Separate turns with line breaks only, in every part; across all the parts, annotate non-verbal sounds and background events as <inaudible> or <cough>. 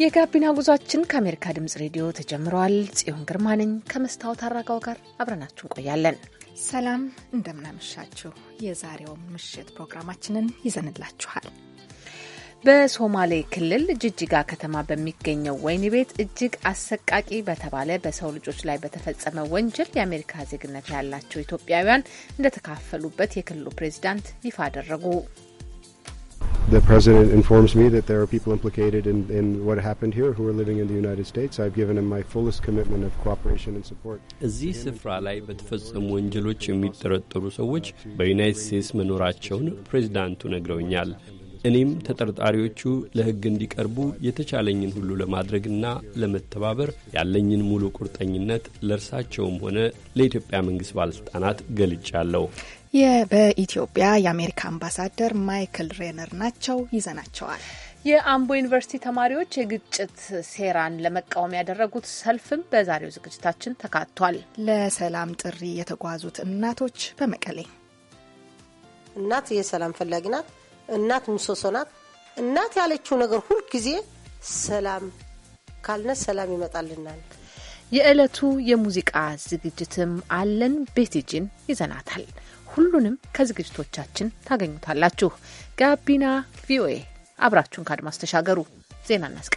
የጋቢና ጉዟችን ከአሜሪካ ድምጽ ሬዲዮ ተጀምረዋል። ጽዮን ግርማ ነኝ ከመስታወት አራጋው ጋር አብረናችሁ እንቆያለን።
ሰላም እንደምናመሻችሁ። የዛሬው ምሽት ፕሮግራማችንን ይዘንላችኋል።
በሶማሌ ክልል ጅጅጋ ከተማ በሚገኘው ወህኒ ቤት እጅግ አሰቃቂ በተባለ በሰው ልጆች ላይ በተፈጸመ ወንጀል የአሜሪካ ዜግነት ያላቸው ኢትዮጵያውያን እንደተካፈሉበት የክልሉ ፕሬዚዳንት ይፋ አደረጉ።
the president informs me that there are people implicated in, in what happened here who are living in the United States. I've given him my fullest commitment of cooperation and support.
እዚህ ስፍራ ላይ በተፈጸሙ ወንጀሎች የሚጠረጠሩ ሰዎች በዩናይት ስቴትስ መኖራቸውን ፕሬዚዳንቱ ነግረውኛል። እኔም ተጠርጣሪዎቹ ለሕግ እንዲቀርቡ የተቻለኝን ሁሉ ለማድረግና ለመተባበር ያለኝን ሙሉ ቁርጠኝነት ለእርሳቸውም ሆነ ለኢትዮጵያ መንግስት ባለስልጣናት ገልጫለሁ።
በኢትዮጵያ የአሜሪካ አምባሳደር ማይክል ሬነር ናቸው።
ይዘናቸዋል። የአምቦ ዩኒቨርሲቲ ተማሪዎች የግጭት ሴራን ለመቃወም ያደረጉት ሰልፍም በዛሬው ዝግጅታችን ተካቷል። ለሰላም ጥሪ የተጓዙት እናቶች በመቀሌ እናት የሰላም ፈላጊ ናት እናት ምሰሶ ናት። እናት ያለችው ነገር ሁልጊዜ ሰላም ካልነ ሰላም ይመጣልናል። የዕለቱ የሙዚቃ ዝግጅትም አለን። ቤቲጂን ይዘናታል። ሁሉንም ከዝግጅቶቻችን ታገኙታላችሁ። ጋቢና ቪኦኤ አብራችሁን ከአድማስ ተሻገሩ። ዜና እናስቀ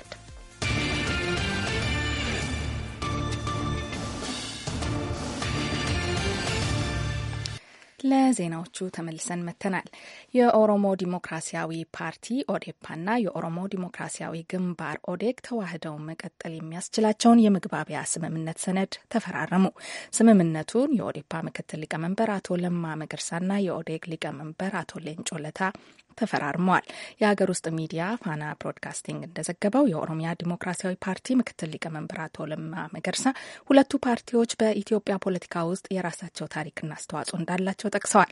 ለዜናዎቹ ተመልሰን መተናል። የኦሮሞ ዲሞክራሲያዊ ፓርቲ ኦዴፓና የኦሮሞ ዲሞክራሲያዊ ግንባር ኦዴግ ተዋህደው መቀጠል የሚያስችላቸውን የመግባቢያ ስምምነት ሰነድ ተፈራረሙ። ስምምነቱን የኦዴፓ ምክትል ሊቀመንበር አቶ ለማ መገርሳና የኦዴግ ሊቀመንበር አቶ ሌንጮ ለታ ተፈራርመዋል። የሀገር ውስጥ ሚዲያ ፋና ብሮድካስቲንግ እንደዘገበው የኦሮሚያ ዲሞክራሲያዊ ፓርቲ ምክትል ሊቀመንበር አቶ ለማ መገርሳ ሁለቱ ፓርቲዎች በኢትዮጵያ ፖለቲካ ውስጥ የራሳቸው ታሪክና አስተዋጽኦ እንዳላቸው ጠቅሰዋል።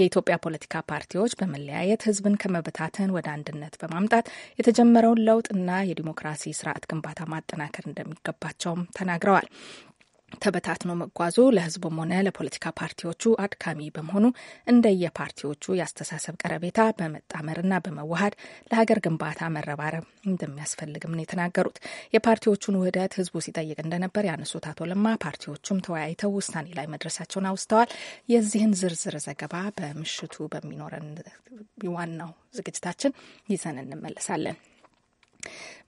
የኢትዮጵያ ፖለቲካ ፓርቲዎች በመለያየት ህዝብን ከመበታተን ወደ አንድነት በማምጣት የተጀመረውን ለውጥና የዲሞክራሲ ስርዓት ግንባታ ማጠናከር እንደሚገባቸውም ተናግረዋል። ተበታትኖ መጓዙ ለህዝቡም ሆነ ለፖለቲካ ፓርቲዎቹ አድካሚ በመሆኑ እንደየፓርቲዎቹ የአስተሳሰብ ቀረቤታ በመጣመርና በመዋሃድ ለሀገር ግንባታ መረባረብ እንደሚያስፈልግም ነው የተናገሩት። የፓርቲዎቹን ውህደት ህዝቡ ሲጠይቅ እንደነበር ያነሱት አቶ ለማ ፓርቲዎቹም ተወያይተው ውሳኔ ላይ መድረሳቸውን አውስተዋል። የዚህን ዝርዝር ዘገባ በምሽቱ በሚኖረን ዋናው ዝግጅታችን ይዘን እንመለሳለን።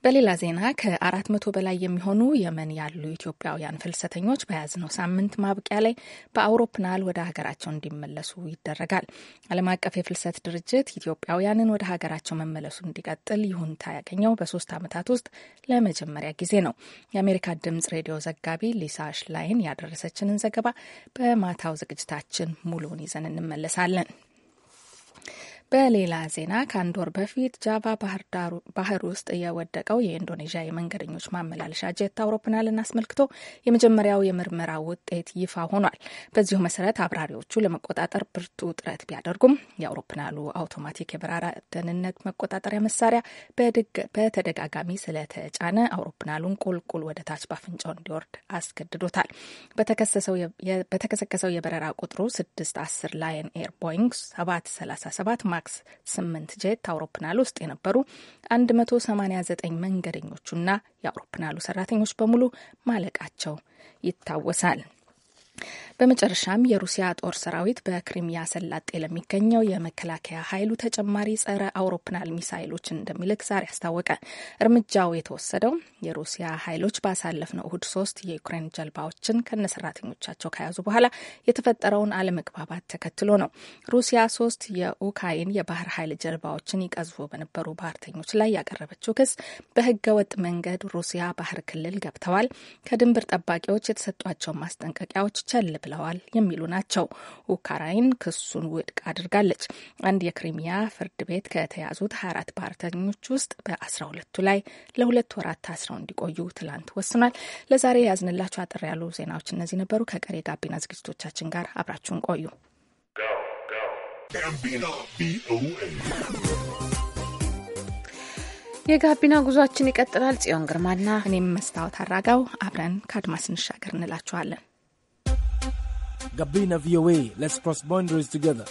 በሌላ ዜና ከአራት መቶ በላይ የሚሆኑ የመን ያሉ ኢትዮጵያውያን ፍልሰተኞች በያዝነው ሳምንት ማብቂያ ላይ በአውሮፕላን ወደ ሀገራቸው እንዲመለሱ ይደረጋል። ዓለም አቀፍ የፍልሰት ድርጅት ኢትዮጵያውያንን ወደ ሀገራቸው መመለሱ እንዲቀጥል ይሁንታ ያገኘው በሶስት ዓመታት ውስጥ ለመጀመሪያ ጊዜ ነው። የአሜሪካ ድምጽ ሬዲዮ ዘጋቢ ሊሳ ሽላይን ያደረሰችንን ዘገባ በማታው ዝግጅታችን ሙሉውን ይዘን እንመለሳለን። በሌላ ዜና ከአንድ ወር በፊት ጃቫ ባህር ውስጥ የወደቀው የኢንዶኔዥያ የመንገደኞች ማመላለሻ ጄት አውሮፕላንን አስመልክቶ የመጀመሪያው የምርመራ ውጤት ይፋ ሆኗል። በዚሁ መሰረት አብራሪዎቹ ለመቆጣጠር ብርቱ ጥረት ቢያደርጉም የአውሮፕላኑ አውቶማቲክ የበረራ ደህንነት መቆጣጠሪያ መሳሪያ በተደጋጋሚ ስለተጫነ አውሮፕላኑን ቁልቁል ወደ ታች ባፍንጫው እንዲወርድ አስገድዶታል። በተከሰከሰው የበረራ ቁጥሩ አስር ላየን ኤር ቦይንግ ማ ማክስ ስምንት ጄት አውሮፕላን ውስጥ የነበሩ 189 መንገደኞቹና የአውሮፕላኑ ሰራተኞች በሙሉ ማለቃቸው ይታወሳል። በመጨረሻም የሩሲያ ጦር ሰራዊት በክሪሚያ ሰላጤ ለሚገኘው የመከላከያ ኃይሉ ተጨማሪ ጸረ አውሮፕላን ሚሳይሎችን እንደሚልክ ዛሬ አስታወቀ። እርምጃው የተወሰደው የሩሲያ ኃይሎች ባሳለፍነው እሁድ ሶስት የዩክሬን ጀልባዎችን ከነሰራተኞቻቸው ከያዙ በኋላ የተፈጠረውን አለመግባባት ተከትሎ ነው። ሩሲያ ሶስት የኡክራይን የባህር ኃይል ጀልባዎችን ይቀዝፉ በነበሩ ባህርተኞች ላይ ያቀረበችው ክስ በህገ ወጥ መንገድ ሩሲያ ባህር ክልል ገብተዋል፣ ከድንበር ጠባቂዎች የተሰጧቸውን ማስጠንቀቂያዎች ቸል ብለዋል የሚሉ ናቸው። ኡካራይን ክሱን ውድቅ አድርጋለች። አንድ የክሪሚያ ፍርድ ቤት ከተያዙት 24 ባህርተኞች ውስጥ በአስራ ሁለቱ ላይ ለሁለት ወራት ታስረው እንዲቆዩ ትላንት ወስኗል። ለዛሬ ያዝንላቸው አጠር ያሉ ዜናዎች እነዚህ ነበሩ። ከቀሪ ጋቢና ዝግጅቶቻችን ጋር አብራችሁን ቆዩ።
የጋቢና ጉዟችን ይቀጥላል። ጽዮን ግርማና እኔም መስታወት አራጋው
አብረን ከአድማስ እንሻገር እንላችኋለን።
Gabina VOA. Let's cross boundaries together.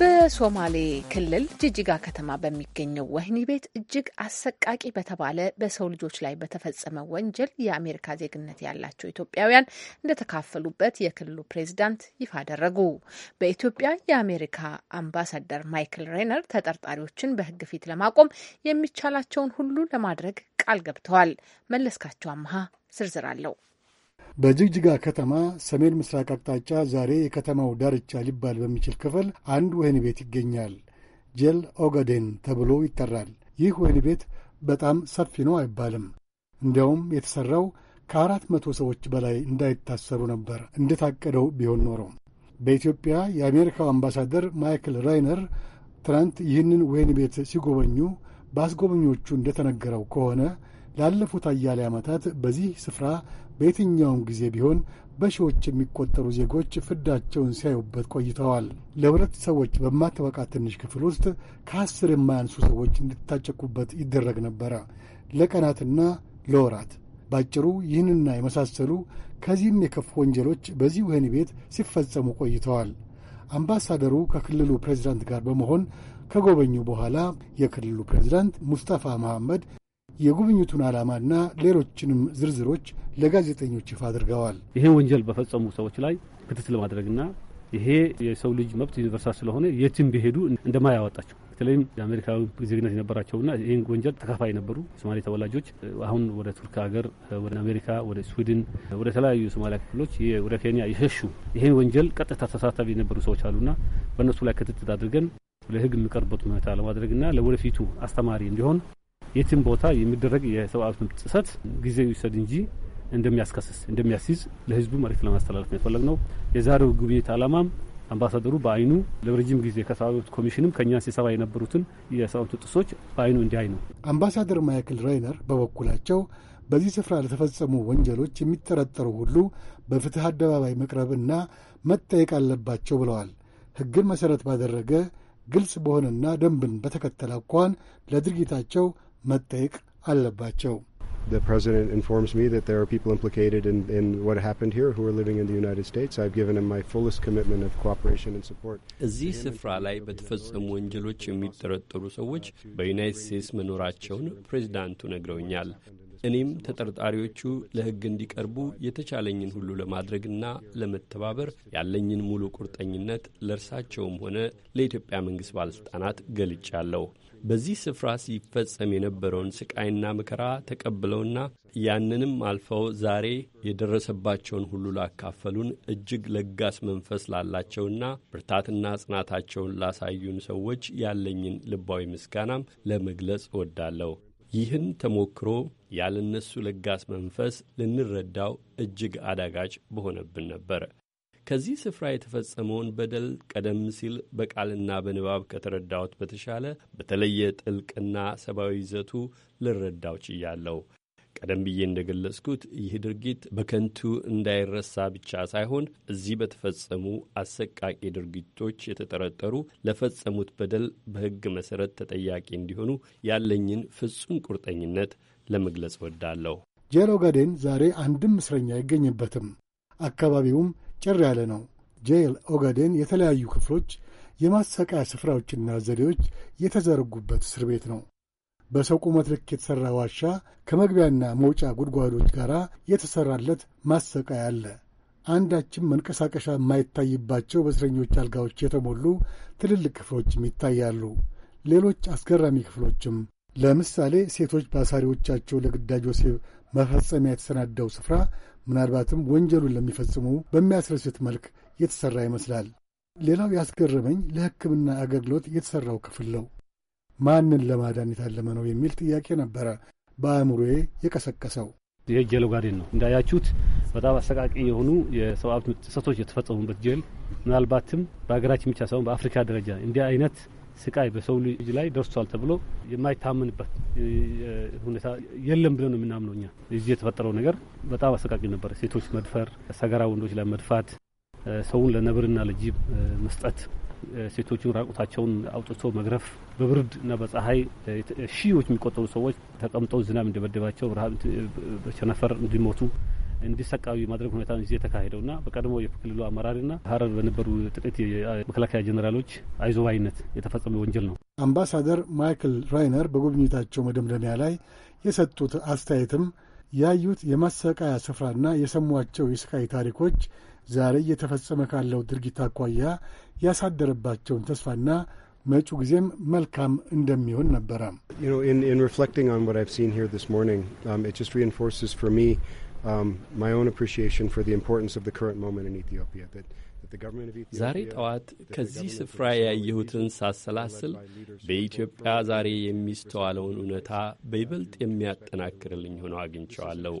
በሶማሌ ክልል ጅጅጋ ከተማ በሚገኘው ወህኒ ቤት እጅግ አሰቃቂ በተባለ በሰው ልጆች ላይ በተፈጸመ ወንጀል የአሜሪካ ዜግነት ያላቸው ኢትዮጵያውያን እንደተካፈሉበት የክልሉ ፕሬዚዳንት ይፋ አደረጉ። በኢትዮጵያ የአሜሪካ አምባሳደር ማይክል ሬነር ተጠርጣሪዎችን በሕግ ፊት ለማቆም የሚቻላቸውን ሁሉ ለማድረግ ቃል ገብተዋል። መለስካቸው አምሃ ዝርዝር አለው።
በጅግጅጋ ከተማ ሰሜን ምስራቅ አቅጣጫ ዛሬ የከተማው ዳርቻ ሊባል በሚችል ክፍል አንድ ወህኒ ቤት ይገኛል። ጄል ኦገዴን ተብሎ ይጠራል። ይህ ወህኒ ቤት በጣም ሰፊ ነው አይባልም። እንዲያውም የተሠራው ከአራት መቶ ሰዎች በላይ እንዳይታሰሩ ነበር እንደታቀደው ቢሆን ኖሮ። በኢትዮጵያ የአሜሪካው አምባሳደር ማይክል ራይነር ትናንት ይህንን ወህኒ ቤት ሲጎበኙ በአስጎበኞቹ እንደተነገረው ከሆነ ላለፉት አያሌ ዓመታት በዚህ ስፍራ በየትኛውም ጊዜ ቢሆን በሺዎች የሚቆጠሩ ዜጎች ፍዳቸውን ሲያዩበት ቆይተዋል። ለሁለት ሰዎች በማትበቃ ትንሽ ክፍል ውስጥ ከአስር የማያንሱ ሰዎች እንዲታጨቁበት ይደረግ ነበረ ለቀናትና ለወራት። ባጭሩ ይህንና የመሳሰሉ ከዚህም የከፉ ወንጀሎች በዚህ ወህኒ ቤት ሲፈጸሙ ቆይተዋል። አምባሳደሩ ከክልሉ ፕሬዚዳንት ጋር በመሆን ከጎበኙ በኋላ የክልሉ ፕሬዚዳንት ሙስጠፋ መሐመድ የጉብኝቱን ዓላማና ሌሎችንም ዝርዝሮች ለጋዜጠኞች ይፋ አድርገዋል።
ይህን ወንጀል በፈጸሙ ሰዎች ላይ ክትትል ማድረግና ይሄ የሰው ልጅ መብት ዩኒቨርሳል ስለሆነ የትም ቢሄዱ እንደማያወጣቸው በተለይም የአሜሪካዊ ዜግነት የነበራቸውና ይህን ወንጀል ተካፋይ የነበሩ ሶማሌ ተወላጆች አሁን ወደ ቱርክ ሀገር፣ ወደ አሜሪካ፣ ወደ ስዊድን፣ ወደ ተለያዩ የሶማሊያ ክፍሎች፣ ወደ ኬንያ የሸሹ ይህን ወንጀል ቀጥታ ተሳታፊ የነበሩ ሰዎች አሉና በእነሱ ላይ ክትትል አድርገን ለህግ የሚቀርበት ሁኔታ ለማድረግና ለወደፊቱ አስተማሪ እንዲሆን የትም ቦታ የሚደረግ የሰብአዊ መብት ጥሰት ጊዜው ይውሰድ እንጂ እንደሚያስከስስ እንደሚያስይዝ ለህዝቡ መሬት ለማስተላለፍ ነው ነው። የዛሬው ጉብኝት አላማም አምባሳደሩ በአይኑ ለረጅም ጊዜ ከሰብአዊ መብት ኮሚሽንም ከእኛ ሲሰባ የነበሩትን የሰብአዊ መብት ጥሶች በአይኑ እንዲያይ ነው።
አምባሳደር ማይክል ራይነር በበኩላቸው በዚህ ስፍራ ለተፈጸሙ ወንጀሎች የሚጠረጠሩ ሁሉ በፍትህ አደባባይ መቅረብና መጠየቅ አለባቸው ብለዋል። ህግን መሠረት ባደረገ ግልጽ በሆነና ደንብን በተከተለ አኳኋን ለድርጊታቸው መጠየቅ አለባቸው።
እዚህ ስፍራ ላይ በተፈጸሙ ወንጀሎች የሚጠረጠሩ ሰዎች በዩናይት ስቴትስ መኖራቸውን ፕሬዚዳንቱ ነግረውኛል። እኔም ተጠርጣሪዎቹ ለሕግ እንዲቀርቡ የተቻለኝን ሁሉ ለማድረግና ለመተባበር ያለኝን ሙሉ ቁርጠኝነት ለእርሳቸውም ሆነ ለኢትዮጵያ መንግሥት ባለሥልጣናት ገልጫለሁ። በዚህ ስፍራ ሲፈጸም የነበረውን ስቃይና መከራ ተቀብለውና ያንንም አልፈው ዛሬ የደረሰባቸውን ሁሉ ላካፈሉን እጅግ ለጋስ መንፈስ ላላቸውና ብርታትና ጽናታቸውን ላሳዩን ሰዎች ያለኝን ልባዊ ምስጋናም ለመግለጽ እወዳለሁ። ይህን ተሞክሮ ያለነሱ ለጋስ መንፈስ ልንረዳው እጅግ አዳጋች በሆነብን ነበር። ከዚህ ስፍራ የተፈጸመውን በደል ቀደም ሲል በቃልና በንባብ ከተረዳሁት በተሻለ በተለየ ጥልቅና ሰብአዊ ይዘቱ ልረዳው ችያለሁ። ቀደም ብዬ እንደገለጽኩት ይህ ድርጊት በከንቱ እንዳይረሳ ብቻ ሳይሆን እዚህ በተፈጸሙ አሰቃቂ ድርጊቶች የተጠረጠሩ ለፈጸሙት በደል በሕግ መሠረት ተጠያቂ እንዲሆኑ ያለኝን ፍጹም ቁርጠኝነት ለመግለጽ ወዳለሁ።
ጄሮ ጋዴን ዛሬ አንድም እስረኛ አይገኝበትም። አካባቢውም ጭር ያለ ነው። ጄል ኦጋዴን የተለያዩ ክፍሎች፣ የማሰቃያ ስፍራዎችና ዘዴዎች የተዘረጉበት እስር ቤት ነው። በሰው ቁመት ልክ የተሠራ ዋሻ ከመግቢያና መውጫ ጉድጓዶች ጋር የተሠራለት ማሰቃያ አለ። አንዳችም መንቀሳቀሻ የማይታይባቸው በእስረኞች አልጋዎች የተሞሉ ትልልቅ ክፍሎችም ይታያሉ። ሌሎች አስገራሚ ክፍሎችም ለምሳሌ ሴቶች በአሳሪዎቻቸው ለግዳጅ ወሲብ መፈጸሚያ የተሰናዳው ስፍራ ምናልባትም ወንጀሉን ለሚፈጽሙ በሚያስረስት መልክ የተሠራ ይመስላል። ሌላው ያስገረመኝ ለሕክምና አገልግሎት የተሠራው ክፍል ነው። ማንን ለማዳን የታለመ ነው የሚል ጥያቄ ነበረ በአእምሮዬ የቀሰቀሰው።
የጀሎ ጋዴን ነው እንዳያችሁት፣ በጣም አሰቃቂ የሆኑ የሰብአዊ ጥሰቶች የተፈጸሙበት ጀል ምናልባትም በሀገራችን ብቻ ሳይሆን በአፍሪካ ደረጃ እንዲህ አይነት ስቃይ በሰው ልጅ ላይ ደርሷል ተብሎ የማይታመንበት ሁኔታ የለም ብለን ነው የምናምነው እኛ። እዚህ የተፈጠረው ነገር በጣም አሰቃቂ ነበር። ሴቶች መድፈር፣ ሰገራ ወንዶች ላይ መድፋት፣ ሰውን ለነብርና ለጅብ መስጠት፣ ሴቶቹን ራቁታቸውን አውጥቶ መግረፍ፣ በብርድ እና በፀሐይ ሺዎች የሚቆጠሩ ሰዎች ተቀምጠው ዝናብ እንደመደባቸው በቸነፈር እንዲሞቱ እንዲሰቃዩ ማድረግ ሁኔታ ነው የተካሄደው ና በቀድሞ የክልሉ አመራር ና ሀረር በነበሩ ጥቂት መከላከያ ጀኔራሎች አይዞባይነት የተፈጸመ ወንጀል ነው።
አምባሳደር ማይክል ራይነር በጉብኝታቸው መደምደሚያ ላይ የሰጡት አስተያየትም ያዩት የማሰቃያ ስፍራና የሰሟቸው የስቃይ ታሪኮች ዛሬ እየተፈጸመ ካለው ድርጊት አኳያ ያሳደረባቸውን ተስፋና መጪው ጊዜም መልካም እንደሚሆን ነበረ።
Um,
ዛሬ ጠዋት ከዚህ ስፍራ ያየሁትን ሳሰላስል በኢትዮጵያ ዛሬ የሚስተዋለውን እውነታ በይበልጥ የሚያጠናክርልኝ ሆነ አግኝቸዋለሁ።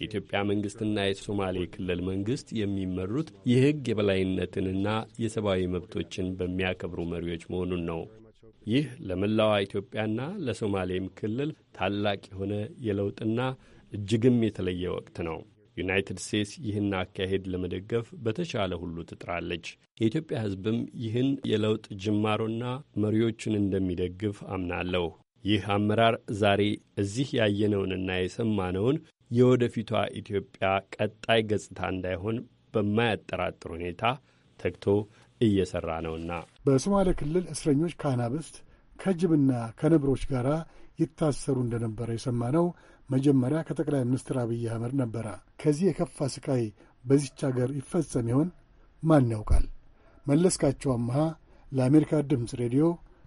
የኢትዮጵያ መንግሥትና የሶማሌ ክልል መንግሥት የሚመሩት የሕግ የበላይነትንና የሰብአዊ መብቶችን በሚያከብሩ መሪዎች መሆኑን ነው። ይህ ለመላዋ ኢትዮጵያና ለሶማሌም ክልል ታላቅ የሆነ የለውጥና እጅግም የተለየ ወቅት ነው። ዩናይትድ ስቴትስ ይህን አካሄድ ለመደገፍ በተቻለ ሁሉ ትጥራለች። የኢትዮጵያ ሕዝብም ይህን የለውጥ ጅማሮና መሪዎቹን እንደሚደግፍ አምናለሁ። ይህ አመራር ዛሬ እዚህ ያየነውንና የሰማነውን የወደፊቷ ኢትዮጵያ ቀጣይ ገጽታ እንዳይሆን በማያጠራጥር ሁኔታ ተግቶ እየሰራ ነውና
በሶማሌ ክልል እስረኞች ከአናብስት ከጅብና ከነብሮች ጋር ይታሰሩ እንደነበረ የሰማነው መጀመሪያ ከጠቅላይ ሚኒስትር አብይ አህመድ ነበረ። ከዚህ የከፋ ስቃይ በዚች አገር ይፈጸም ይሆን? ማን ያውቃል? መለስካቸው አምሃ ለአሜሪካ ድምፅ ሬዲዮ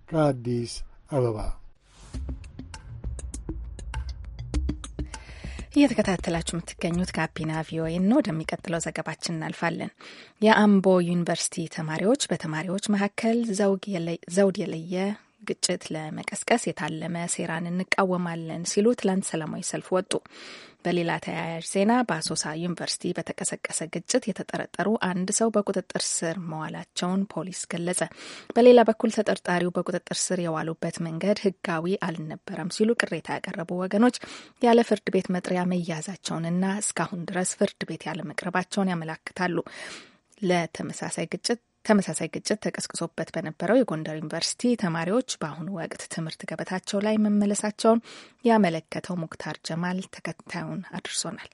ከአዲስ አበባ
እየተከታተላችሁ የምትገኙት ጋቢና ቪኦኤ ነው። ወደሚቀጥለው ዘገባችን እናልፋለን። የአምቦ ዩኒቨርሲቲ ተማሪዎች በተማሪዎች መካከል ዘውድ የለየ ግጭት ለመቀስቀስ የታለመ ሴራን እንቃወማለን ሲሉ ትላንት ሰላማዊ ሰልፍ ወጡ። በሌላ ተያያዥ ዜና በአሶሳ ዩኒቨርሲቲ በተቀሰቀሰ ግጭት የተጠረጠሩ አንድ ሰው በቁጥጥር ስር መዋላቸውን ፖሊስ ገለጸ። በሌላ በኩል ተጠርጣሪው በቁጥጥር ስር የዋሉበት መንገድ ሕጋዊ አልነበረም ሲሉ ቅሬታ ያቀረቡ ወገኖች ያለ ፍርድ ቤት መጥሪያ መያዛቸውንና እስካሁን ድረስ ፍርድ ቤት ያለመቅረባቸውን ያመላክታሉ። ለተመሳሳይ ግጭት ተመሳሳይ ግጭት ተቀስቅሶበት በነበረው የጎንደር ዩኒቨርሲቲ ተማሪዎች በአሁኑ ወቅት ትምህርት ገበታቸው ላይ መመለሳቸውን ያመለከተው ሙክታር ጀማል ተከታዩን አድርሶናል።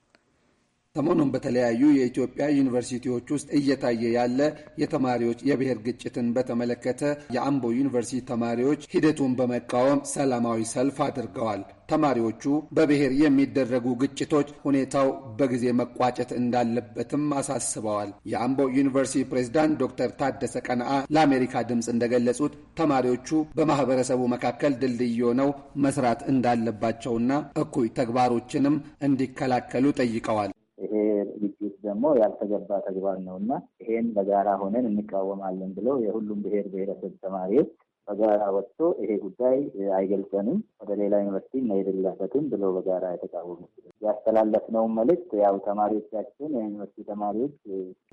ሰሞኑን በተለያዩ የኢትዮጵያ ዩኒቨርሲቲዎች ውስጥ እየታየ ያለ የተማሪዎች የብሔር ግጭትን በተመለከተ የአምቦ ዩኒቨርሲቲ ተማሪዎች ሂደቱን በመቃወም ሰላማዊ ሰልፍ አድርገዋል። ተማሪዎቹ በብሔር የሚደረጉ ግጭቶች ሁኔታው በጊዜ መቋጨት እንዳለበትም አሳስበዋል። የአምቦ ዩኒቨርሲቲ ፕሬዝዳንት ዶክተር ታደሰ ቀንአ ለአሜሪካ ድምፅ እንደገለጹት ተማሪዎቹ በማህበረሰቡ መካከል ድልድይ ሆነው መስራት እንዳለባቸውና እኩይ ተግባሮችንም እንዲከላከሉ ጠይቀዋል።
ደግሞ ያልተገባ ተግባር ነው እና ይሄን በጋራ ሆነን እንቃወማለን ብለው የሁሉም ብሔር ብሔረሰብ ተማሪዎች በጋራ ወጥቶ ይሄ ጉዳይ አይገልጸንም፣ ወደ ሌላ ዩኒቨርሲቲ እናሄድለበትም ብሎ በጋራ የተቃወሙ ያስተላለፍነውን መልእክት ያው ተማሪዎቻችን የዩኒቨርሲቲ ተማሪዎች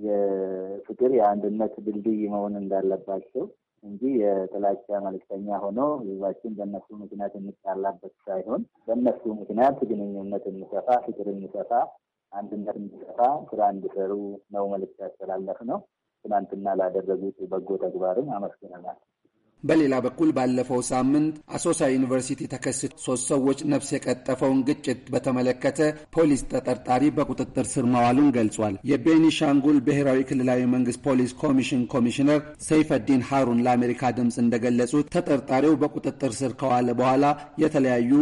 የፍቅር የአንድነት ድልድይ መሆን እንዳለባቸው እንጂ የጥላቻ መልክተኛ ሆኖ ህዝባችን በእነሱ ምክንያት የሚጣላበት ሳይሆን በእነሱ ምክንያት ግንኙነት የሚሰፋ ፍቅር የሚሰፋ አንድነት እንዲሰፋ ስራ እንዲሰሩ ነው መልዕክት ያስተላለፍ ነው። ትናንትና ላደረጉት በጎ ተግባርም አመስግነናል።
በሌላ በኩል ባለፈው ሳምንት አሶሳ ዩኒቨርሲቲ ተከስቶ ሶስት ሰዎች ነፍስ የቀጠፈውን ግጭት በተመለከተ ፖሊስ ተጠርጣሪ በቁጥጥር ስር መዋሉን ገልጿል። የቤኒሻንጉል ብሔራዊ ክልላዊ መንግስት ፖሊስ ኮሚሽን ኮሚሽነር ሰይፈዲን ሃሩን ለአሜሪካ ድምፅ እንደገለጹት ተጠርጣሪው በቁጥጥር ስር ከዋለ በኋላ የተለያዩ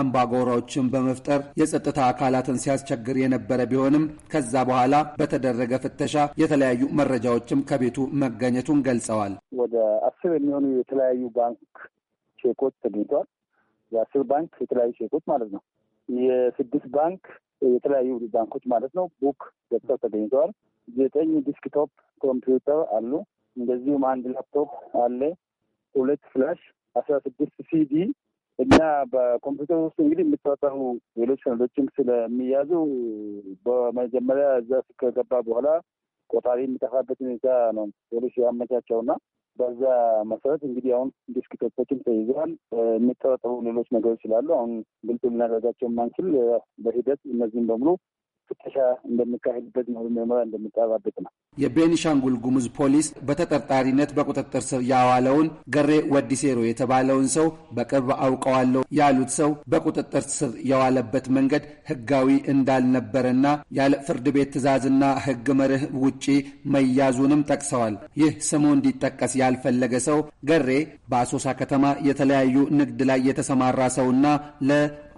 አምባጓሮዎችን በመፍጠር የጸጥታ አካላትን ሲያስቸግር የነበረ ቢሆንም ከዛ በኋላ በተደረገ ፍተሻ የተለያዩ መረጃዎችም ከቤቱ መገኘቱን ገልጸዋል።
ወደ አስር የሚሆኑ የተለያዩ ባንክ ቼኮች ተገኝተዋል። የአስር ባንክ የተለያዩ ቼኮች ማለት ነው። የስድስት ባንክ የተለያዩ ባንኮች ማለት ነው ቡክ ገብተው ተገኝተዋል። ዘጠኝ ዲስክቶፕ ኮምፒውተር አሉ። እንደዚሁም አንድ ላፕቶፕ አለ። ሁለት ፍላሽ፣ አስራ ስድስት ሲዲ እና በኮምፒውተር ውስጥ እንግዲህ የሚታጠሩ ሌሎች ሰነዶችም ስለሚያዙ በመጀመሪያ እዛ ከገባ በኋላ ቆጣሪ የሚጠፋበት ሁኔታ ነው ሌሎች እና በዛ መሰረት እንግዲህ አሁን ዲስክቶፖችም ተይዘዋል። የሚጠረጠሩ ሌሎች ነገሮች ስላሉ አሁን ግልጽ ልናደርጋቸው ማንችል በሂደት እነዚህም በሙሉ ፍተሻ እንደሚካሄድበት ነው ምርመራ እንደሚጠራበት
ነው። የቤኒሻንጉል ጉሙዝ ፖሊስ በተጠርጣሪነት በቁጥጥር ስር ያዋለውን ገሬ ወዲሴሮ የተባለውን ሰው በቅርብ አውቀዋለሁ ያሉት ሰው በቁጥጥር ስር የዋለበት መንገድ ሕጋዊ እንዳልነበረና ያለ ፍርድ ቤት ትዕዛዝና ሕግ መርህ ውጪ መያዙንም ጠቅሰዋል። ይህ ስሙ እንዲጠቀስ ያልፈለገ ሰው ገሬ በአሶሳ ከተማ የተለያዩ ንግድ ላይ የተሰማራ ሰውና ለ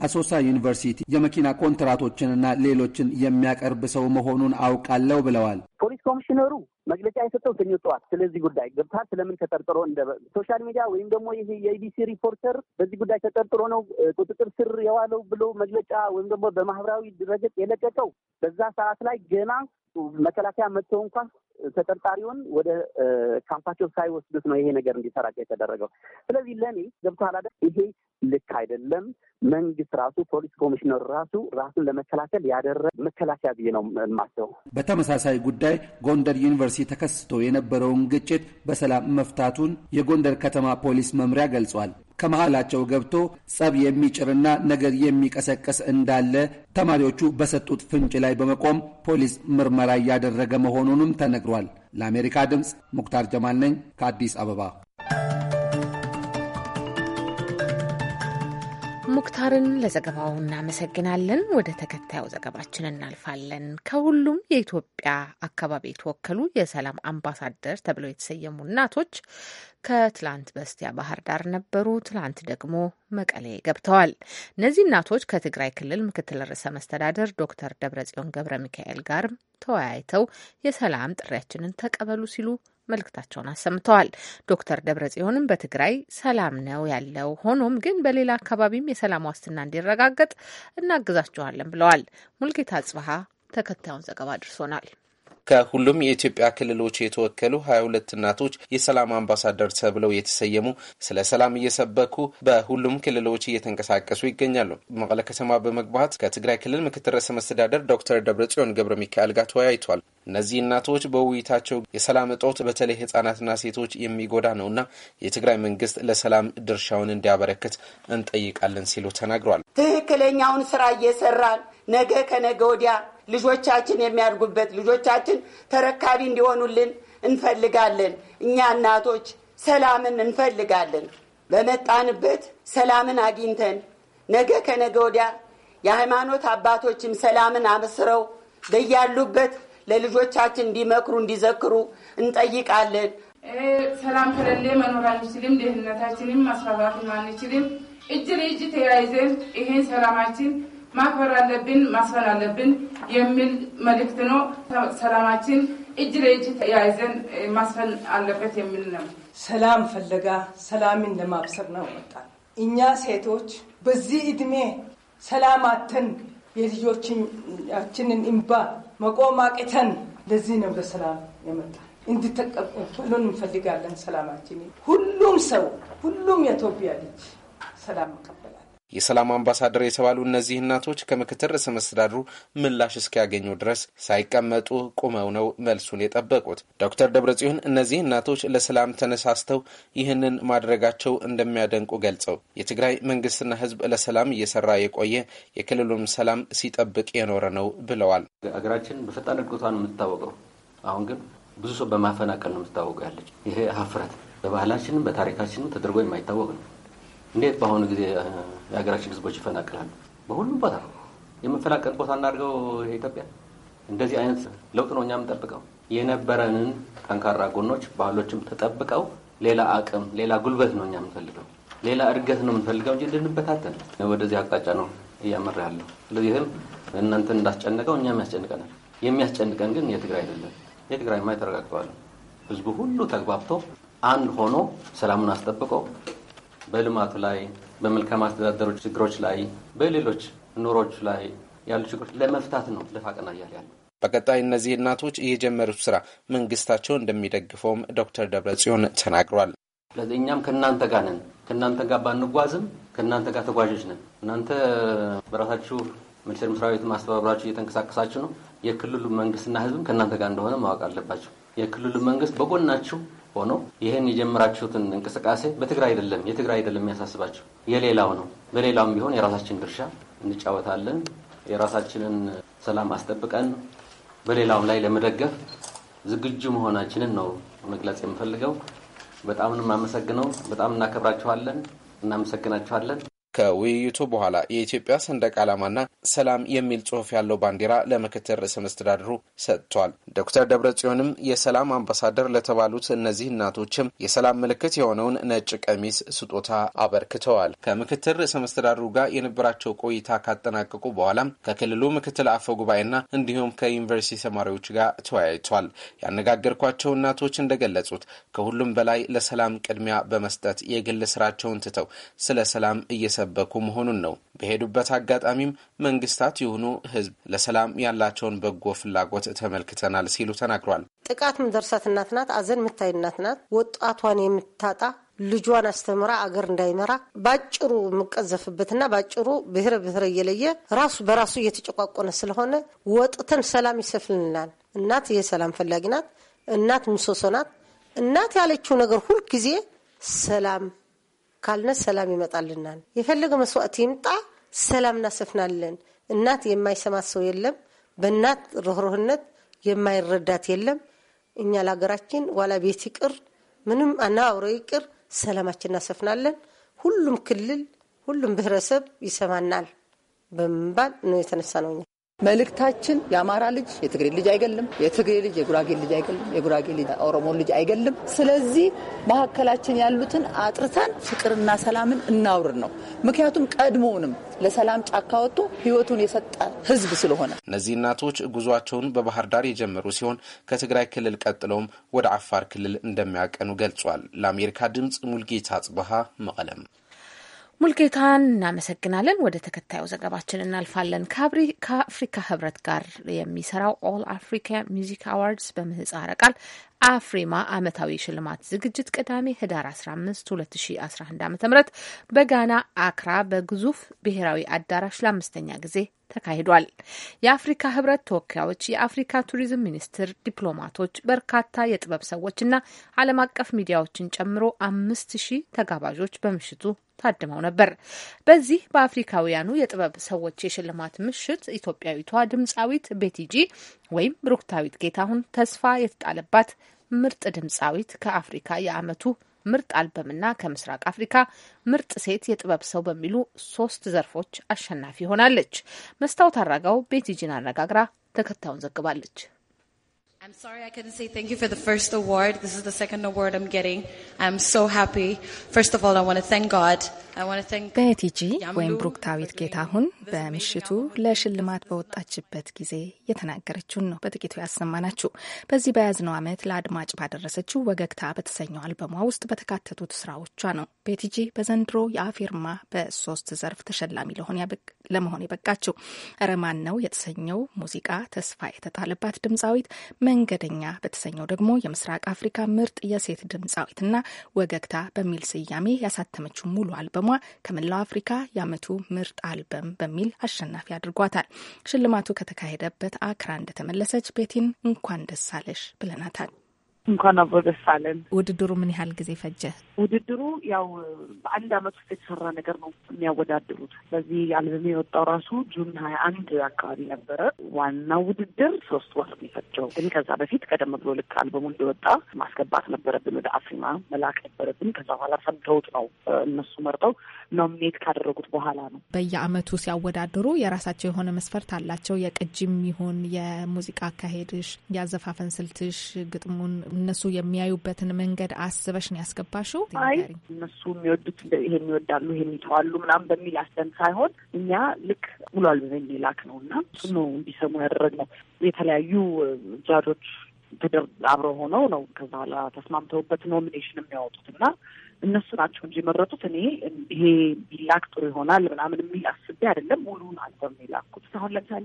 አሶሳ ዩኒቨርሲቲ የመኪና ኮንትራቶችንና ሌሎችን የሚያቀርብ ሰው መሆኑን አውቃለሁ ብለዋል።
ፖሊስ ኮሚሽነሩ መግለጫ የሰጠው ሰኞ ጠዋት ስለዚህ ጉዳይ ገብታል ስለምን ተጠርጥሮ እንደ ሶሻል ሚዲያ ወይም ደግሞ ይሄ የኢቢሲ ሪፖርተር በዚህ ጉዳይ ተጠርጥሮ ነው ቁጥጥር ስር የዋለው ብሎ መግለጫ ወይም ደግሞ በማህበራዊ ድረገጽ የለቀቀው በዛ ሰዓት ላይ ገና መከላከያ መጥተው እንኳን ተጠርጣሪውን ወደ ካምፓቸው ሳይወስዱት ነው ይሄ ነገር እንዲሰራጭ የተደረገው። ስለዚህ ለእኔ ገብቷል አይደል ይሄ ልክ አይደለም። መንግስት ራሱ ፖሊስ ኮሚሽነሩ ራሱ ራሱን ለመከላከል ያደረ መከላከያ ብዬ ነው የማስበው።
በተመሳሳይ ጉዳይ ጎንደር ዩኒቨርሲቲ ተከስቶ የነበረውን ግጭት በሰላም መፍታቱን የጎንደር ከተማ ፖሊስ መምሪያ ገልጿል። ከመሃላቸው ገብቶ ጸብ የሚጭርና ነገር የሚቀሰቀስ እንዳለ ተማሪዎቹ በሰጡት ፍንጭ ላይ በመቆም ፖሊስ ምርመራ እያደረገ መሆኑንም ተነግሯል። ለአሜሪካ ድምፅ ሙክታር ጀማል ነኝ ከአዲስ አበባ።
ሙክታርን ለዘገባው እናመሰግናለን። ወደ ተከታዩ ዘገባችን እናልፋለን። ከሁሉም የኢትዮጵያ አካባቢ የተወከሉ የሰላም አምባሳደር ተብለው የተሰየሙ እናቶች ከትላንት በስቲያ ባህር ዳር ነበሩ። ትላንት ደግሞ መቀሌ ገብተዋል። እነዚህ እናቶች ከትግራይ ክልል ምክትል ርዕሰ መስተዳደር ዶክተር ደብረጽዮን ገብረ ሚካኤል ጋር ተወያይተው የሰላም ጥሪያችንን ተቀበሉ ሲሉ መልእክታቸውን አሰምተዋል። ዶክተር ደብረ ጽዮንም በትግራይ ሰላም ነው ያለው፣ ሆኖም ግን በሌላ አካባቢም የሰላም ዋስትና እንዲረጋገጥ እናግዛችኋለን ብለዋል። ሙልጌታ ጽብሃ ተከታዩን ዘገባ አድርሶናል።
ከሁሉም የኢትዮጵያ ክልሎች የተወከሉ ሀያ ሁለት እናቶች የሰላም አምባሳደር ተብለው የተሰየሙ ስለ ሰላም እየሰበኩ በሁሉም ክልሎች እየተንቀሳቀሱ ይገኛሉ። መቀለ ከተማ በመግባት ከትግራይ ክልል ምክትል ርዕሰ መስተዳደር ዶክተር ደብረጽዮን ገብረ ሚካኤል ጋር ተወያይቷል። እነዚህ እናቶች በውይይታቸው የሰላም እጦት በተለይ ህጻናትና ሴቶች የሚጎዳ ነውና የትግራይ መንግስት ለሰላም ድርሻውን እንዲያበረክት እንጠይቃለን ሲሉ ተናግሯል።
ትክክለኛውን ስራ እየሰራን ነገ ከነገ ወዲያ ልጆቻችን የሚያድጉበት ልጆቻችን ተረካቢ እንዲሆኑልን እንፈልጋለን። እኛ እናቶች ሰላምን እንፈልጋለን። በመጣንበት ሰላምን አግኝተን ነገ ከነገ ወዲያ የሃይማኖት አባቶችም ሰላምን አበስረው በያሉበት ለልጆቻችን እንዲመክሩ እንዲዘክሩ እንጠይቃለን።
ሰላም ከሌለ መኖር አንችልም፣ ደህንነታችንም ማስፋፋት አንችልም። እጅ ለእጅ ተያይዘን ይሄን ሰላማችን ማክበር አለብን፣ ማስፈን አለብን የሚል መልእክት ነው። ሰላማችን እጅ ለእጅ ተያይዘን ማስፈን አለበት የሚል ነው። ሰላም ፈለጋ ሰላምን ለማብሰር ነው ወጣል። እኛ ሴቶች በዚህ እድሜ ሰላማትን የልጆቻችንን እንባ መቆም አቅተን ለዚህ ነው በሰላም የመጣ እንድትቀበሉን እንፈልጋለን። ሰላማችን ሁሉም ሰው ሁሉም የኢትዮጵያ ልጅ ሰላም መቀበል
የሰላም አምባሳደር የተባሉ እነዚህ እናቶች ከምክትል ርዕሰ መስተዳድሩ ምላሽ እስኪያገኙ ድረስ ሳይቀመጡ ቁመው ነው መልሱን የጠበቁት። ዶክተር ደብረጽዮን እነዚህ እናቶች ለሰላም ተነሳስተው ይህንን ማድረጋቸው እንደሚያደንቁ ገልጸው የትግራይ መንግስትና ህዝብ ለሰላም እየሰራ የቆየ የክልሉም
ሰላም ሲጠብቅ የኖረ ነው ብለዋል። ሀገራችን በፈጣን እድገቷ ነው የምትታወቀው። አሁን ግን ብዙ ሰው በማፈናቀል ነው የምትታወቀው ያለች። ይሄ ሀፍረት በባህላችንም በታሪካችንም ተደርጎ የማይታወቅ ነው። እንዴት በአሁኑ ጊዜ የሀገራችን ህዝቦች ይፈናቀላሉ። በሁሉም ቦታ ነው የምንፈናቀል ቦታ እናድርገው ኢትዮጵያ። እንደዚህ አይነት ለውጥ ነው እኛ የምንጠብቀው። የነበረንን ጠንካራ ጎኖች ባህሎችም ተጠብቀው ሌላ አቅም፣ ሌላ ጉልበት ነው እኛ የምንፈልገው፣ ሌላ እድገት ነው የምንፈልገው እንጂ እንድንበታተን ወደዚህ አቅጣጫ ነው እያመራ ያለው። ስለዚህም እናንተን እንዳስጨነቀው እኛም ያስጨንቀናል። የሚያስጨንቀን ግን የትግራይ አይደለም። ማ ተረጋግተዋል። ህዝቡ ሁሉ ተግባብቶ አንድ ሆኖ ሰላሙን አስጠብቆ በልማቱ ላይ በመልካም አስተዳደሮች ችግሮች ላይ፣ በሌሎች ኑሮች ላይ ያሉ ችግሮች ለመፍታት ነው ልፋ ቀና እያለ ያለ። በቀጣይ እነዚህ እናቶች የጀመሩት ስራ
መንግስታቸው እንደሚደግፈውም ዶክተር ደብረጽዮን ተናግሯል። ስለዚህ እኛም ከእናንተ ጋር ነን።
ከእናንተ ጋር ባንጓዝም ከእናንተ ጋር ተጓዦች ነን። እናንተ በራሳችሁ ሚኒስቴር መስሪያ ቤት ማስተባበራችሁ እየተንቀሳቀሳችሁ ነው። የክልሉ መንግስትና ህዝብም ከእናንተ ጋር እንደሆነ ማወቅ አለባቸው። የክልሉ መንግስት በጎናችሁ ሆኖ ይህን የጀመራችሁትን እንቅስቃሴ በትግራይ አይደለም የትግራይ አይደለም የሚያሳስባችሁ የሌላው ነው። በሌላውም ቢሆን የራሳችን ድርሻ እንጫወታለን። የራሳችንን ሰላም አስጠብቀን በሌላውም ላይ ለመደገፍ ዝግጁ መሆናችንን ነው መግለጽ የምፈልገው። በጣም የማመሰግነው። በጣም እናከብራችኋለን፣ እናመሰግናችኋለን። ከውይይቱ በኋላ የኢትዮጵያ ሰንደቅ ዓላማና
ሰላም የሚል ጽሁፍ ያለው ባንዲራ ለምክትል ርዕሰ መስተዳድሩ ሰጥቷል። ዶክተር ደብረ ጽዮንም የሰላም አምባሳደር ለተባሉት እነዚህ እናቶችም የሰላም ምልክት የሆነውን ነጭ ቀሚስ ስጦታ አበርክተዋል። ከምክትል ርዕሰ መስተዳድሩ ጋር የነበራቸው ቆይታ ካጠናቀቁ በኋላም ከክልሉ ምክትል አፈ ጉባኤና እንዲሁም ከዩኒቨርሲቲ ተማሪዎች ጋር ተወያይቷል። ያነጋገርኳቸው እናቶች እንደገለጹት ከሁሉም በላይ ለሰላም ቅድሚያ በመስጠት የግል ስራቸውን ትተው ስለ ሰላም እየሰበኩ መሆኑን ነው። በሄዱበት አጋጣሚም መንግስታት ይሁኑ ህዝብ ለሰላም ያላቸውን በጎ ፍላጎት ተመልክተናል ሲሉ ተናግሯል።
ጥቃት ምደርሳት እናት ናት። አዘን ምታይ እናት ናት። ወጣቷን የምታጣ ልጇን አስተምራ አገር እንዳይመራ ባጭሩ የምቀዘፍበትና ባጭሩ ብሔረ ብሔረ እየለየ ራሱ በራሱ እየተጨቋቆነ ስለሆነ ወጥተን ሰላም ይሰፍልናል። እናት የሰላም ፈላጊ ናት። እናት ምሰሶ ናት። እናት ያለችው ነገር ሁልጊዜ ሰላም ካልነ ሰላም ይመጣልናል። የፈለገ መስዋዕት ይምጣ ሰላም እናሰፍናለን። እናት የማይሰማት ሰው የለም። በእናት ርኅሩህነት የማይረዳት የለም። እኛ ለሀገራችን ዋላ ቤት ይቅር ምንም አነባብሮ ይቅር ሰላማችን እናሰፍናለን። ሁሉም ክልል ሁሉም ብሔረሰብ ይሰማናል በምባል ነው የተነሳ ነው። መልእክታችን የአማራ ልጅ የትግሬ ልጅ አይገልም፣ የትግሬ ልጅ የጉራጌ ልጅ አይገልም፣ የጉራጌ ልጅ ኦሮሞ ልጅ አይገልም። ስለዚህ መካከላችን ያሉትን አጥርተን ፍቅርና ሰላምን እናውርን ነው። ምክንያቱም ቀድሞውንም ለሰላም ጫካ ወጥቶ ህይወቱን የሰጠ ህዝብ
ስለሆነ እነዚህ እናቶች ጉዟቸውን በባህር ዳር የጀመሩ ሲሆን ከትግራይ ክልል ቀጥለውም ወደ አፋር ክልል እንደሚያቀኑ ገልጿል። ለአሜሪካ ድምፅ ሙልጌታ ጽበሃ
መቀለም ሙልጌታን እናመሰግናለን። ወደ ተከታዩ ዘገባችን እናልፋለን። ከአፍሪካ ህብረት ጋር የሚሰራው ኦል አፍሪካ ሚዚክ አዋርድስ በምህጻረ ቃል አፍሪማ አመታዊ ሽልማት ዝግጅት ቅዳሜ ህዳር 15 2011 ዓ ም በጋና አክራ በግዙፍ ብሔራዊ አዳራሽ ለአምስተኛ ጊዜ ተካሂዷል። የአፍሪካ ህብረት ተወካዮች፣ የአፍሪካ ቱሪዝም ሚኒስትር፣ ዲፕሎማቶች፣ በርካታ የጥበብ ሰዎችና ዓለም አቀፍ ሚዲያዎችን ጨምሮ አምስት ሺህ ተጋባዦች በምሽቱ ታድመው ነበር። በዚህ በአፍሪካውያኑ የጥበብ ሰዎች የሽልማት ምሽት ኢትዮጵያዊቷ ድምፃዊት ቤቲጂ ወይም ብሩክታዊት ጌታሁን ተስፋ የተጣለባት ምርጥ ድምፃዊት ከአፍሪካ የአመቱ ምርጥ አልበምና ከምስራቅ አፍሪካ ምርጥ ሴት የጥበብ ሰው በሚሉ ሶስት ዘርፎች አሸናፊ ሆናለች። መስታወት አራጋው ቤቲጂን አነጋግራ ተከታዩን ዘግባለች። I'm sorry I couldn't say thank you for the first award. This is the second award I'm getting. I'm so happy. First of all, I want to thank God.
በቲጂ ወይም ብሩክታዊት ጌታሁን በምሽቱ ለሽልማት በወጣችበት ጊዜ የተናገረችውን ነው በጥቂቱ ያሰማናችሁ። በዚህ በያዝነው ዓመት ለአድማጭ ባደረሰችው ወገግታ በተሰኘው አልበሟ ውስጥ በተካተቱት ስራዎቿ ነው። ቤቲጂ በዘንድሮ የአፊርማ በሶስት ዘርፍ ተሸላሚ ለሆን ለመሆን የበቃችው ረማን ነው የተሰኘው ሙዚቃ ተስፋ የተጣለባት ድምፃዊት፣ መንገደኛ በተሰኘው ደግሞ የምስራቅ አፍሪካ ምርጥ የሴት ድምፃዊትና ወገግታ በሚል ስያሜ ያሳተመችው ሙሉ አልበሟ ከመላው አፍሪካ የዓመቱ ምርጥ አልበም በሚል አሸናፊ አድርጓታል። ሽልማቱ ከተካሄደበት አክራ እንደተመለሰች ቤቲን እንኳን ደሳለሽ ብለናታል። እንኳን አብሮ ደስ አለን። ውድድሩ ምን ያህል ጊዜ ፈጀ?
ውድድሩ ያው በአንድ አመት ውስጥ የተሰራ ነገር ነው የሚያወዳድሩት። ስለዚህ አልበም የወጣው ራሱ ጁን ሀያ አንድ አካባቢ ነበረ ዋናው ውድድር ሶስት ወር የሚፈጀው ግን ከዛ በፊት ቀደም ብሎ ልክ አልበሙ እንደወጣ ማስገባት ነበረብን፣ ወደ አፍሪማ መላክ ነበረብን። ከዛ በኋላ ሰምተውት ነው እነሱ መርጠው ኖሚኔት ካደረጉት በኋላ ነው።
በየአመቱ ሲያወዳድሩ የራሳቸው የሆነ መስፈርት አላቸው። የቅጂም ይሁን የሙዚቃ አካሄድሽ፣ ያዘፋፈን ስልትሽ፣ ግጥሙን እነሱ የሚያዩበትን መንገድ አስበሽ ነው ያስገባሽው? አይ
እነሱ የሚወዱት ይሄን ይወዳሉ፣ ይሄን ይተዋሉ ምናምን በሚል አስተን ሳይሆን እኛ ልክ ውሏል ብለን ላክ ነው እና እሱ ነው እንዲሰሙ ያደረግነው። የተለያዩ ጃጆች ትድር አብረው ሆነው ነው ከዛ በኋላ ተስማምተውበት ኖሚኔሽን የሚያወጡት እና እነሱ ናቸው እንጂ የመረጡት እኔ ይሄ ቢላክ ጥሩ ይሆናል ምናምን የሚል አስቤ አይደለም። ሙሉን አልበም የላኩት አሁን ለምሳሌ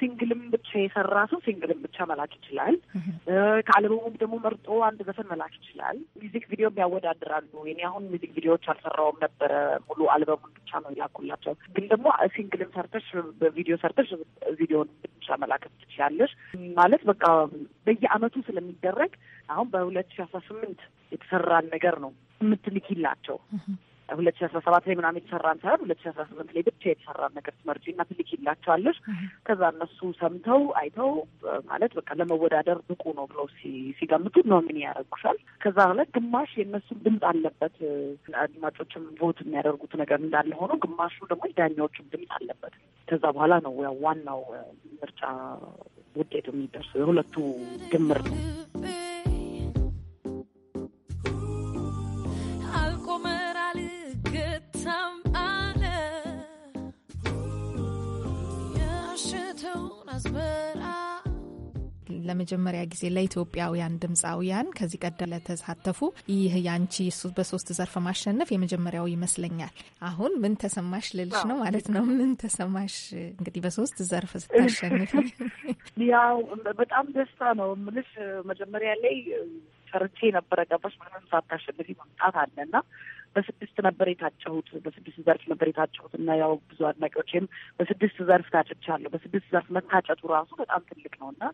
ሲንግልም ብቻ የሰራ ሰው ሲንግልም ብቻ መላክ ይችላል። ከአልበሙም ደግሞ መርጦ አንድ ዘፈን መላክ ይችላል። ሚዚክ ቪዲዮም ያወዳድራሉ። እኔ አሁን ሚዚክ ቪዲዮዎች አልሰራውም ነበረ። ሙሉ አልበሙን ብቻ ነው ይላኩላቸው። ግን ደግሞ ሲንግልም ሰርተሽ በቪዲዮ ሰርተሽ ቪዲዮን ብቻ መላክ ትችላለሽ ማለት በቃ በየአመቱ ስለሚደረግ አሁን በሁለት ሺ አስራ ስምንት የተሰራን ነገር ነው የምትልኪላቸው ሁለት ሺ አስራ ሰባት ላይ ምናምን የተሰራን ሳይሆን ሁለት ሺ አስራ ስምንት ላይ ብቻ የተሰራን ነገር ትመርጂ እና ትልክ ይላቸዋለች። ከዛ እነሱ ሰምተው አይተው ማለት በቃ ለመወዳደር ብቁ ነው ብለው ሲገምቱ ኖሚኒ ያደረጉሻል። ከዛ ማለት ግማሽ የእነሱን ድምፅ አለበት አድማጮችም ቮት የሚያደርጉት ነገር እንዳለ ሆኖ ግማሹ ደግሞ የዳኛዎችም ድምፅ አለበት። ከዛ በኋላ ነው ያው ዋናው ምርጫ ውጤት የሚደርስ የሁለቱ ድምር ነው።
ለመጀመሪያ ጊዜ ለኢትዮጵያውያን ድምፃውያን ከዚህ ቀደም ለተሳተፉ ይህ ያንቺ በሶስት ዘርፍ ማሸነፍ የመጀመሪያው ይመስለኛል። አሁን ምን ተሰማሽ ልልሽ ነው ማለት ነው። ምን ተሰማሽ እንግዲህ በሶስት ዘርፍ ስታሸንፍ?
ያው በጣም ደስታ ነው ምልሽ መጀመሪያ ላይ ፈርቼ ነበረ ገባሽ ምንም ሳታሸንፊ መምጣት አለና በስድስት ነበር የታጨሁት። በስድስት ዘርፍ ነበር የታጨሁት እና ያው ብዙ አድናቂዎችም በስድስት ዘርፍ ታጭቻለሁ። በስድስት ዘርፍ መታጨቱ ራሱ በጣም ትልቅ ነው እና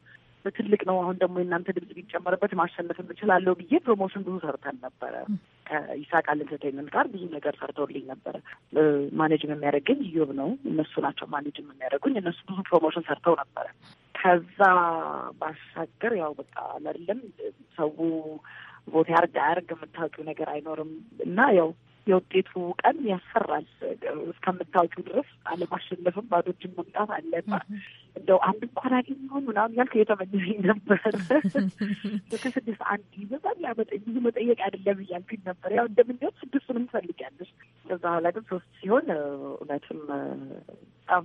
ትልቅ ነው። አሁን ደግሞ የእናንተ ድምጽ ቢጨመርበት ማሸነፍ እችላለሁ ብዬ ፕሮሞሽን ብዙ ሰርተን ነበረ። ከይሳቃል ኢንተርቴንመንት ጋር ብዙ ነገር ሰርተውልኝ ነበረ። ማኔጅም የሚያደርገኝ ዮብ ነው። እነሱ ናቸው ማኔጅም የሚያደርጉኝ። እነሱ ብዙ ፕሮሞሽን ሰርተው ነበረ። ከዛ ባሻገር ያው በቃ አይደለም ሰው ቦታ ያርግ አያርግ የምታውቂው ነገር አይኖርም እና ያው የውጤቱ ቀን ያሰራል እስከምታውቂው ድረስ አለማሸነፍም ባዶ እጅን መምጣት አለና እንደው አንድ እንኳን አገኝ ይሆን ምናምን ያልክ የተመኘኝ ነበር። <laughs> ስድስት አንድ ይበዛል ያመጠኝ ብዙ መጠየቅ አይደለም እያልኩኝ ነበር። ያው እንደምንዲሆን ስድስቱንም ትፈልጊያለሽ። ከዛ በኋላ ግን ሶስት ሲሆን እውነትም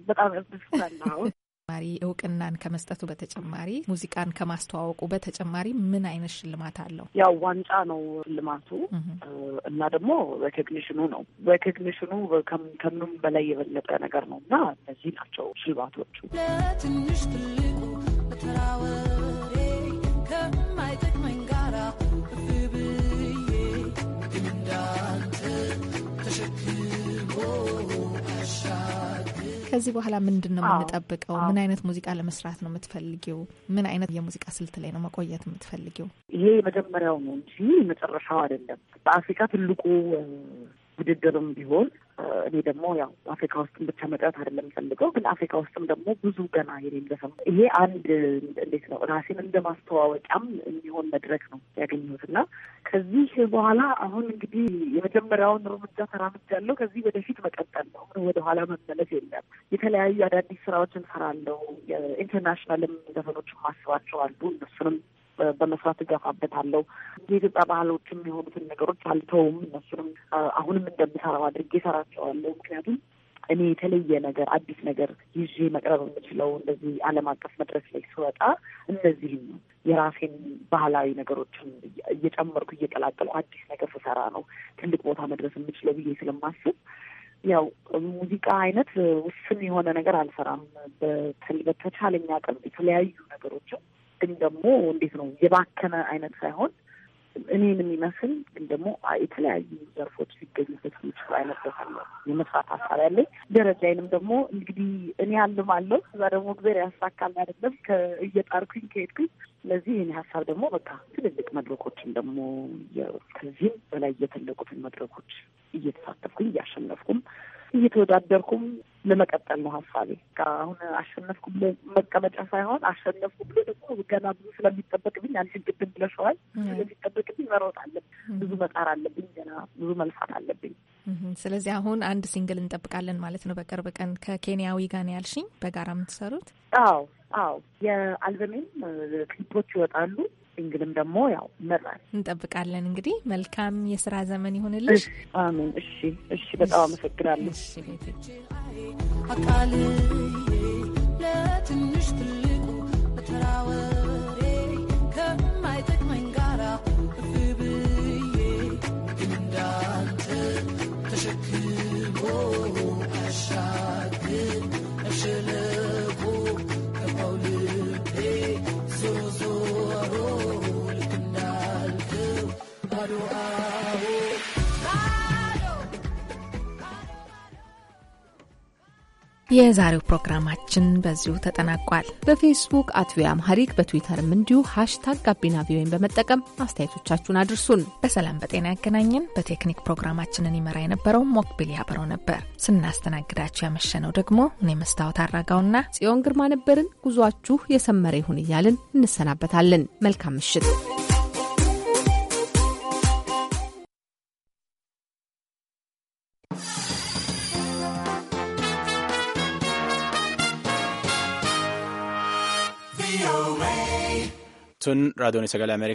በጣም ያስደስታል
አሁን በተጨማሪ እውቅናን ከመስጠቱ በተጨማሪ ሙዚቃን ከማስተዋወቁ በተጨማሪ ምን አይነት ሽልማት አለው?
ያው ዋንጫ ነው ሽልማቱ እና ደግሞ ሬኮግኒሽኑ ነው። ሬኮግኒሽኑ ከምንም በላይ የበለጠ ነገር ነው እና እነዚህ ናቸው ሽልማቶቹ
ለትንሽ ትልቁ
ከዚህ በኋላ ምንድን ነው የምንጠብቀው? ምን አይነት ሙዚቃ ለመስራት ነው የምትፈልጊው? ምን አይነት የሙዚቃ ስልት ላይ ነው መቆየት የምትፈልጊው?
ይሄ የመጀመሪያው ነው እንጂ መጨረሻው አይደለም። በአፍሪካ ትልቁ ውድድርም ቢሆን እኔ ደግሞ ያው አፍሪካ ውስጥም ብቻ መቅረት አይደለም ፈልገው፣ ግን አፍሪካ ውስጥም ደግሞ ብዙ ገና የሌለሰ ይሄ አንድ እንዴት ነው ራሴን እንደ ማስተዋወቂያም የሚሆን መድረክ ነው ያገኘሁት እና ከዚህ በኋላ አሁን እንግዲህ የመጀመሪያውን እርምጃ ያለው ከዚህ ወደፊት መቀጠል ነው፣ ወደኋላ መመለስ የለም። የተለያዩ አዳዲስ ስራዎች እንሰራለው። የኢንተርናሽናልም ዘፈኖች ማስባቸው አሉ እነሱንም በመስራት እገፋበታለሁ። የኢትዮጵያ ባህሎች የሚሆኑትን ነገሮች አልተውም። እነሱንም አሁንም እንደምሰራው አድርጌ እሰራቸዋለሁ። ምክንያቱም እኔ የተለየ ነገር አዲስ ነገር ይዤ መቅረብ የምችለው እንደዚህ ዓለም አቀፍ መድረክ ላይ ስወጣ እነዚህም የራሴን ባህላዊ ነገሮችን እየጨመርኩ እየቀላቀልኩ አዲስ ነገር ስሰራ ነው ትልቅ ቦታ መድረስ የምችለው ብዬ ስለማስብ ያው ሙዚቃ አይነት ውስን የሆነ ነገር አልሰራም። በተቻለኝ አቅም የተለያዩ ነገሮችን ግን ደግሞ እንዴት ነው የባከነ አይነት ሳይሆን እኔን የሚመስል ግን ደግሞ የተለያዩ ዘርፎች ሊገኙበት የሚችሉ አይነት ቦታ ነው የመስራት ሀሳብ ያለኝ። ደረጃዬንም ደግሞ እንግዲህ እኔ አልማለሁ፣ እዛ ደግሞ እግዜር ያሳካል አይደለም እየጣርኩኝ ከሄድኩኝ። ስለዚህ እኔ ሀሳብ ደግሞ በቃ ትልልቅ መድረኮችን ደግሞ ከዚህም በላይ እየተለቁትን መድረኮች እየተሳተፍኩኝ እያሸነፍኩም እየተወዳደርኩም ለመቀጠል ነው ሀሳቤ። አሁን አሸነፍኩ ብሎ መቀመጫ ሳይሆን አሸነፍኩ ብሎ ደግሞ ገና ብዙ ስለሚጠበቅብኝ አንቺ ቅድም ብለሸዋል ስለሚጠበቅብኝ መሮጥ አለብኝ፣ ብዙ መጣር አለብኝ፣ ገና ብዙ መልፋት አለብኝ።
ስለዚህ አሁን አንድ ሲንግል እንጠብቃለን ማለት ነው በቅርብ ቀን ከኬንያዊ ጋር ነው ያልሽኝ በጋራ
የምትሰሩት? አዎ አዎ፣ የአልበሜም ክሊፖች ይወጣሉ ሲንግልም ደግሞ ያው ምራል
እንጠብቃለን። እንግዲህ መልካም የስራ ዘመን
ይሁንልሽ። አሜን። እሺ፣ እሺ። በጣም አመሰግናለሁ። አቃል
ለትንሽ ትልቁ ተራወሬ ከማይጠቅመኝ
ጋራ ብዬ እንዳንተ ተሸክሞ አሻግር
የዛሬው ፕሮግራማችን በዚሁ ተጠናቋል። በፌስቡክ አት ቪኦኤ አምሃሪክ በትዊተርም እንዲሁ ሃሽታግ ጋቢና ቪኦኤን በመጠቀም አስተያየቶቻችሁን አድርሱን። በሰላም በጤና ያገናኘን። በቴክኒክ ፕሮግራማችንን ይመራ የነበረው ሞክቢል ያበረው ነበር። ስናስተናግዳችሁ ያመሸነው ደግሞ እኔ መስታወት አራጋውና
ጽዮን ግርማ ነበርን። ጉዟችሁ የሰመረ ይሁን እያልን እንሰናበታለን። መልካም ምሽት።
Tun raadiyoon sagalee Ameerikaa